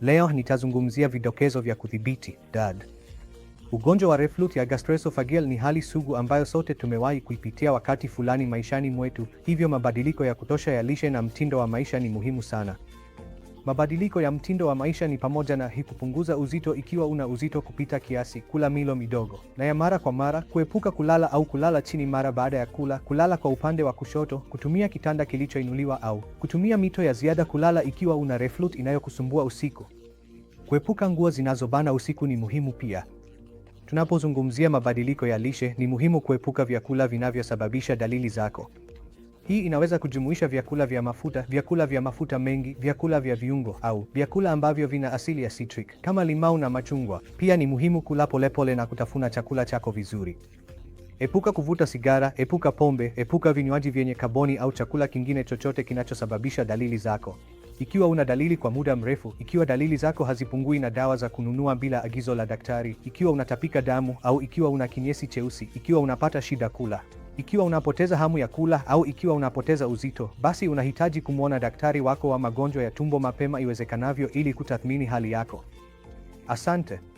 Leo nitazungumzia vidokezo vya kudhibiti dad Ugonjwa wa reflux ya gastroesophageal ni hali sugu ambayo sote tumewahi kuipitia wakati fulani maishani mwetu, hivyo mabadiliko ya kutosha ya lishe na mtindo wa maisha ni muhimu sana. Mabadiliko ya mtindo wa maisha ni pamoja na hii: kupunguza uzito ikiwa una uzito kupita kiasi, kula milo midogo na ya mara kwa mara, kuepuka kulala au kulala chini mara baada ya kula, kulala kwa upande wa kushoto, kutumia kitanda kilichoinuliwa au kutumia mito ya ziada kulala ikiwa una reflux inayokusumbua usiku. Kuepuka nguo zinazobana usiku ni muhimu pia. Tunapozungumzia mabadiliko ya lishe, ni muhimu kuepuka vyakula vinavyosababisha dalili zako. Hii inaweza kujumuisha vyakula vya mafuta, vyakula vya mafuta mengi, vyakula vya viungo au vyakula ambavyo vina asili ya citric kama limau na machungwa. Pia ni muhimu kula polepole na kutafuna chakula chako vizuri. Epuka kuvuta sigara, epuka pombe, epuka vinywaji vyenye kaboni au chakula kingine chochote kinachosababisha dalili zako. Ikiwa una dalili kwa muda mrefu, ikiwa dalili zako hazipungui na dawa za kununua bila agizo la daktari, ikiwa unatapika damu au ikiwa una kinyesi cheusi, ikiwa unapata shida kula ikiwa unapoteza hamu ya kula au ikiwa unapoteza uzito, basi unahitaji kumwona daktari wako wa magonjwa ya tumbo mapema iwezekanavyo ili kutathmini hali yako. Asante.